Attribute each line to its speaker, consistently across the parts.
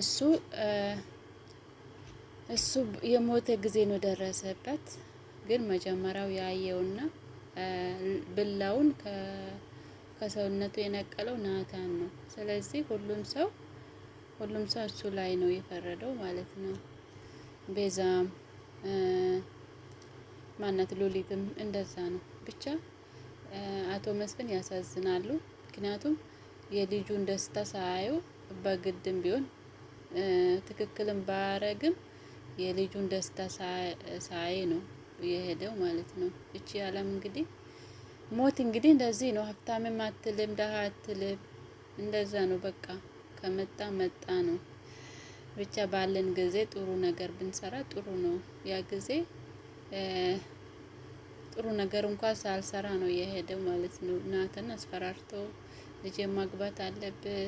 Speaker 1: እሱ እሱ የሞተ ጊዜ ነው ደረሰበት። ግን መጀመሪያው ያየውና ብላውን ከሰውነቱ የነቀለው ናታን ነው። ስለዚህ ሁሉም ሰው ሁሉም ሰው እሱ ላይ ነው የፈረደው ማለት ነው። ቤዛም ማነት ሉሊትም እንደዛ ነው። ብቻ አቶ መስፍን ያሳዝናሉ። ምክንያቱም የልጁን ደስታ ሳያዩ በግድም ቢሆን ትክክልም ባረግም የልጁን ደስታ ሳይ ነው የሄደው ማለት ነው። እቺ ዓለም እንግዲህ ሞት እንግዲህ እንደዚህ ነው። ሀብታምም አትልም፣ ደሃ አትልም። እንደዛ ነው በቃ ከመጣ መጣ ነው። ብቻ ባለን ጊዜ ጥሩ ነገር ብንሰራ ጥሩ ነው። ያ ጊዜ ጥሩ ነገር እንኳን ሳልሰራ ነው የሄደው ማለት ነው። እናትን አስፈራርቶ ልጅ ማግባት አለብህ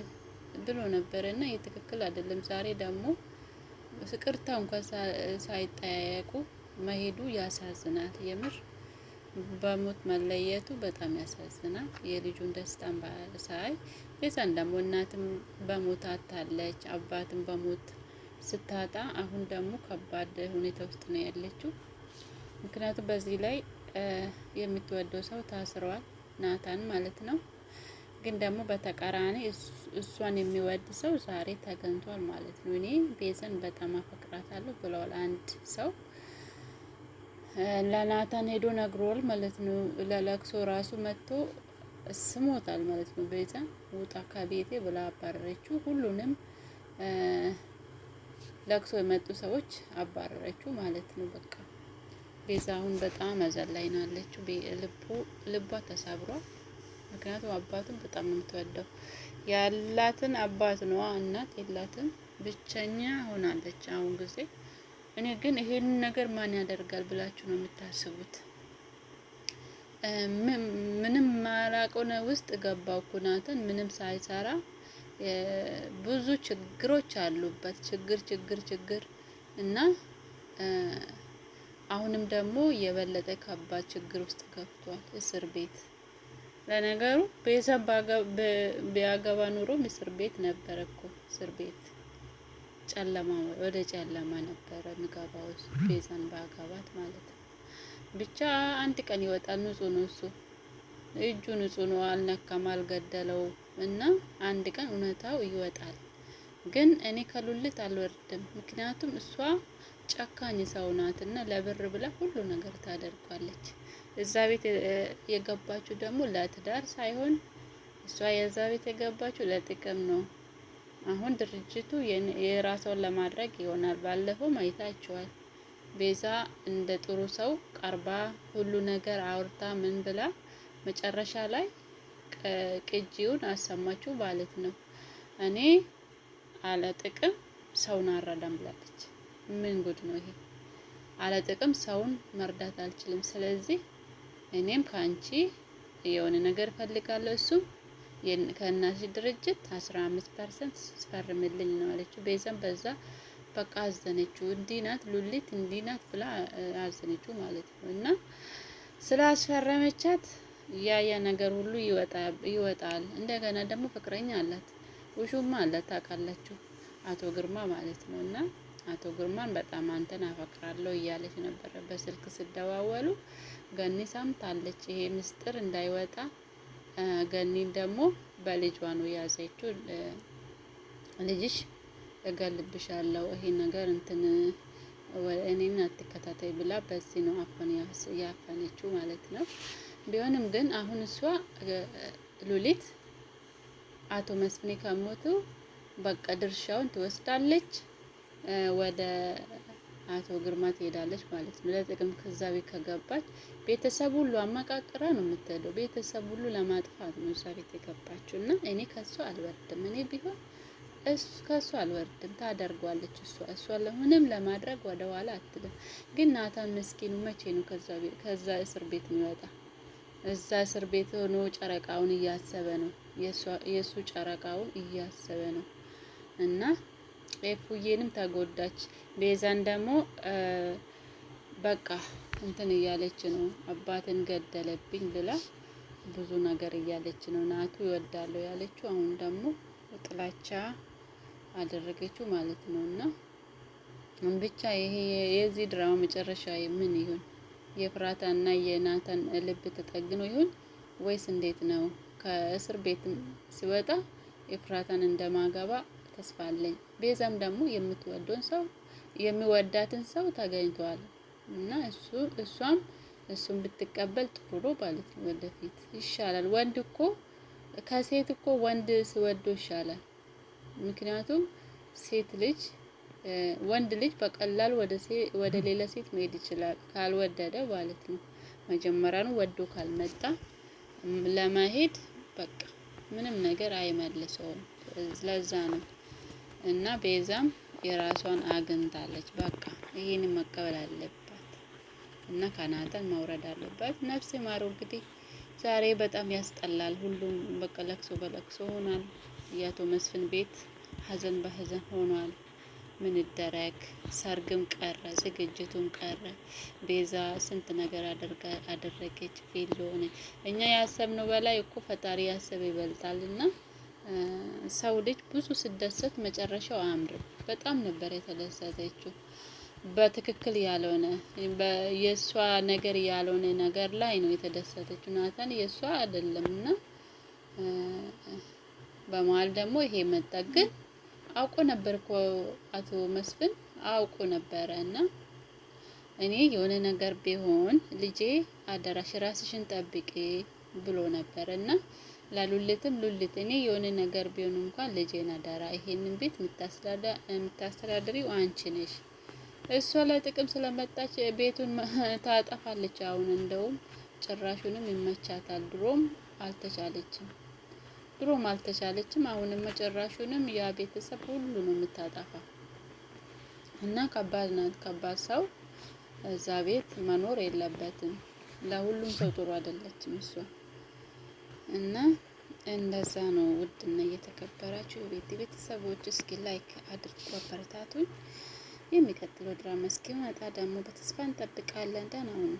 Speaker 1: ብሎ ነበር እና ይህ ትክክል አይደለም። ዛሬ ደግሞ ፍቅርታ እንኳን ሳይጠያየቁ መሄዱ ያሳዝናል። የምር በሞት መለየቱ በጣም ያሳዝናል። የልጁን ደስታን ሳይ ቤዛን ደግሞ እናትም በሞት አታለች፣ አባትም በሞት ስታጣ አሁን ደግሞ ከባድ ሁኔታ ውስጥ ነው ያለችው። ምክንያቱም በዚህ ላይ የምትወደው ሰው ታስሯል፣ ናታን ማለት ነው። ግን ደግሞ በተቃራኒ እሷን የሚወድ ሰው ዛሬ ተገኝቷል ማለት ነው። እኔ ቤዘን በጣም አፈቅራታለሁ ብለዋል አንድ ሰው ለናታን ሄዶ ነግሯል ማለት ነው። ለለቅሶ ራሱ መጥቶ ስሞታል ማለት ነው። ቤዛ ውጣ ከቤቴ ብላ አባረረችው። ሁሉንም ለቅሶ የመጡ ሰዎች አባረረችው ማለት ነው። በቃ ቤዛ አሁን በጣም አዘን ላይ ናለችው። ልቧ ተሰብሯል። ምክንያቱም አባቱን በጣም ነው የምትወደው። ያላትን አባት ነዋ። እናት የላትም፣ ብቸኛ ሆናለች አሁን ጊዜ። እኔ ግን ይሄን ነገር ማን ያደርጋል ብላችሁ ነው የምታስቡት? ምንም ማላቆነ ውስጥ ገባው ኩናትን ምንም ሳይሰራ ብዙ ችግሮች አሉበት። ችግር ችግር ችግር እና አሁንም ደግሞ የበለጠ ከባድ ችግር ውስጥ ገብቷል። እስር ቤት ለነገሩ ቤተሰብ ቢያገባ ኑሮ እስር ቤት ነበረ እኮ እስር ቤት ጨለማ ወደ ጨለማ ነበረ የሚገባው ቤዛን ባገባት ማለት ነው። ብቻ አንድ ቀን ይወጣል። ንጹህ ነው እሱ እጁ ንጹህ ነው፣ አልነካም፣ አልገደለው እና አንድ ቀን እውነታው ይወጣል። ግን እኔ ከሉልት አልወርድም። ምክንያቱም እሷ ጨካኝ ሰው ናት እና ለብር ብላ ሁሉ ነገር ታደርጋለች። እዛ ቤት የገባችው ደግሞ ለትዳር ሳይሆን እሷ የዛ ቤት የገባችው ለጥቅም ነው። አሁን ድርጅቱ የራሷን ለማድረግ ይሆናል። ባለፈው አይታችኋል። ቤዛ እንደ ጥሩ ሰው ቀርባ ሁሉ ነገር አውርታ ምን ብላ መጨረሻ ላይ ቅጂውን አሰማችሁ ማለት ነው እኔ አለ ጥቅም ሰውን አረዳም ብላለች። ምን ጉድ ነው ይሄ? አለ ጥቅም ሰውን መርዳት አልችልም። ስለዚህ እኔም ከአንቺ የሆነ ነገር እፈልጋለሁ። እሱም ከእናትሽ ድርጅት 15% ስፈርምልኝ ነው አለችው። ቤዛም በዛ በቃ አዘነችው። እንዲናት ሉሊት እንዲናት ናት ብላ አዘነችው ማለት ነው። እና ስላስፈረመቻት ያ ያ ነገር ሁሉ ይወጣል። እንደገና ደግሞ ፍቅረኛ አላት ውሹማ አለ ታውቃላችሁ፣ አቶ ግርማ ማለት ነው። እና አቶ ግርማን በጣም አንተን አፈቅራለሁ እያለች ነበረ በስልክ ስደዋወሉ። ገኒ ሰምታለች፣ ይሄ ምስጢር እንዳይወጣ። ገኒን ደግሞ በልጇ ነው ያዘችው። ልጅሽ እገልብሻለሁ፣ ይሄ ነገር እንትን እኔን አትከታተይ ብላ በዚህ ነው አፈን ያፈነችው ማለት ነው። ቢሆንም ግን አሁን እሷ ሉሊት አቶ መስፍኔ ከሞቱ በቃ ድርሻውን ትወስዳለች፣ ወደ አቶ ግርማ ትሄዳለች ማለት ነው። ለጥቅም ከዛ ቤት ከገባች ቤተሰብ ሁሉ አመቃቅራ ነው የምትሄደው። ቤተሰብ ሁሉ ለማጥፋት ነው እዛ ቤት የገባችው እና እኔ ከሱ አልወርድም። እኔ ቢሆን እሱ ከሱ አልወርድም። ታደርጓለች እሷ እሷ ለሁንም ለማድረግ ወደ ኋላ አትልም። ግን ናታን ምስኪኑ መቼ ነው ከዛ እስር ቤት የሚወጣ? እዛ እስር ቤት ሆኖ ጨረቃውን እያሰበ ነው የእሱ ጨረቃውን እያሰበ ነው እና ኤፉዬንም ተጎዳች። ቤዛን ደግሞ በቃ እንትን እያለች ነው አባትን ገደለብኝ ብላ ብዙ ነገር እያለች ነው ናቱ ይወዳለሁ ያለችው። አሁን ደግሞ ጥላቻ አደረገችው ማለት ነው እና ብቻ ይሄ የዚህ ድራማ መጨረሻ ምን ይሆን? የፍራታ እና የናታን ልብ ተጠግኖ ይሆን ወይስ እንዴት ነው? ከእስር ቤት ሲወጣ ኤፍራታን እንደማገባ ተስፋ አለኝ። ቤዛም ደግሞ የምትወደውን ሰው የሚወዳትን ሰው ታገኝቷል እና እሱ እሷም እሱን ብትቀበል ጥሩ ነው ማለት ነው። ወደፊት ይሻላል። ወንድ እኮ ከሴት እኮ ወንድ ሲወዶ ይሻላል። ምክንያቱም ሴት ልጅ ወንድ ልጅ በቀላል ወደ ሌላ ሴት መሄድ ይችላል፣ ካልወደደ ማለት ነው። መጀመሪያኑ ወዶ ካልመጣ ለመሄድ በቃ ምንም ነገር አይመልሰውም። ለዛ ነው እና ቤዛም የራሷን አግኝታለች። በቃ ይህን መቀበል አለባት እና ከናተን መውረድ አለባት። ነፍሴ ማሮ እንግዲህ ዛሬ በጣም ያስጠላል። ሁሉም በቃ ለቅሶ በለቅሶ ሆኗል። የአቶ መስፍን ቤት ሀዘን በሀዘን ሆኗል። ምን ይደረግ፣ ሰርግም ቀረ፣ ዝግጅቱም ቀረ። ቤዛ ስንት ነገር አደረገች። ፌል ሆነ። እኛ ያሰብነው በላይ እኮ ፈጣሪ ያሰብ ይበልጣል እና ሰው ልጅ ብዙ ስደሰት መጨረሻው አያምርም። በጣም ነበር የተደሰተችው በትክክል ያልሆነ የእሷ ነገር ያልሆነ ነገር ላይ ነው የተደሰተችው። ናታን የእሷ አይደለም እና በመሀል ደግሞ ይሄ መጣ ግን አውቆ ነበር እኮ አቶ መስፍን አውቆ ነበረ። እና እኔ የሆነ ነገር ቢሆን ልጄ አደራሽ ራስሽን ጠብቂ ብሎ ነበር እና ላሉልትም ሉልት እኔ የሆነ ነገር ቢሆን እንኳን ልጄን አደራ፣ ይሄንን ቤት የምታስተዳድሪው አንቺ ነሽ። እሷ ለጥቅም ስለመጣች ቤቱን ታጠፋለች። አሁን እንደውም ጭራሹንም ይመቻታል። ድሮም አልተቻለችም። ድሮም አልተቻለችም። አሁንም መጨረሻውንም ያ ቤተሰብ ሁሉ ነው የምታጠፋ እና ከባድ ናት። ከባድ ሰው እዛ ቤት መኖር የለበትም። ለሁሉም ሰው ጥሩ አይደለችም እሷ እና እንደዛ ነው። ውድ እና እየተከበራችሁ ቤት ቤተሰቦች እስኪ ላይክ አድርጉ አበረታቱኝ። የሚቀጥለው ድራማ እስኪመጣ ደግሞ በተስፋ እንጠብቃለን። ደህና ነው።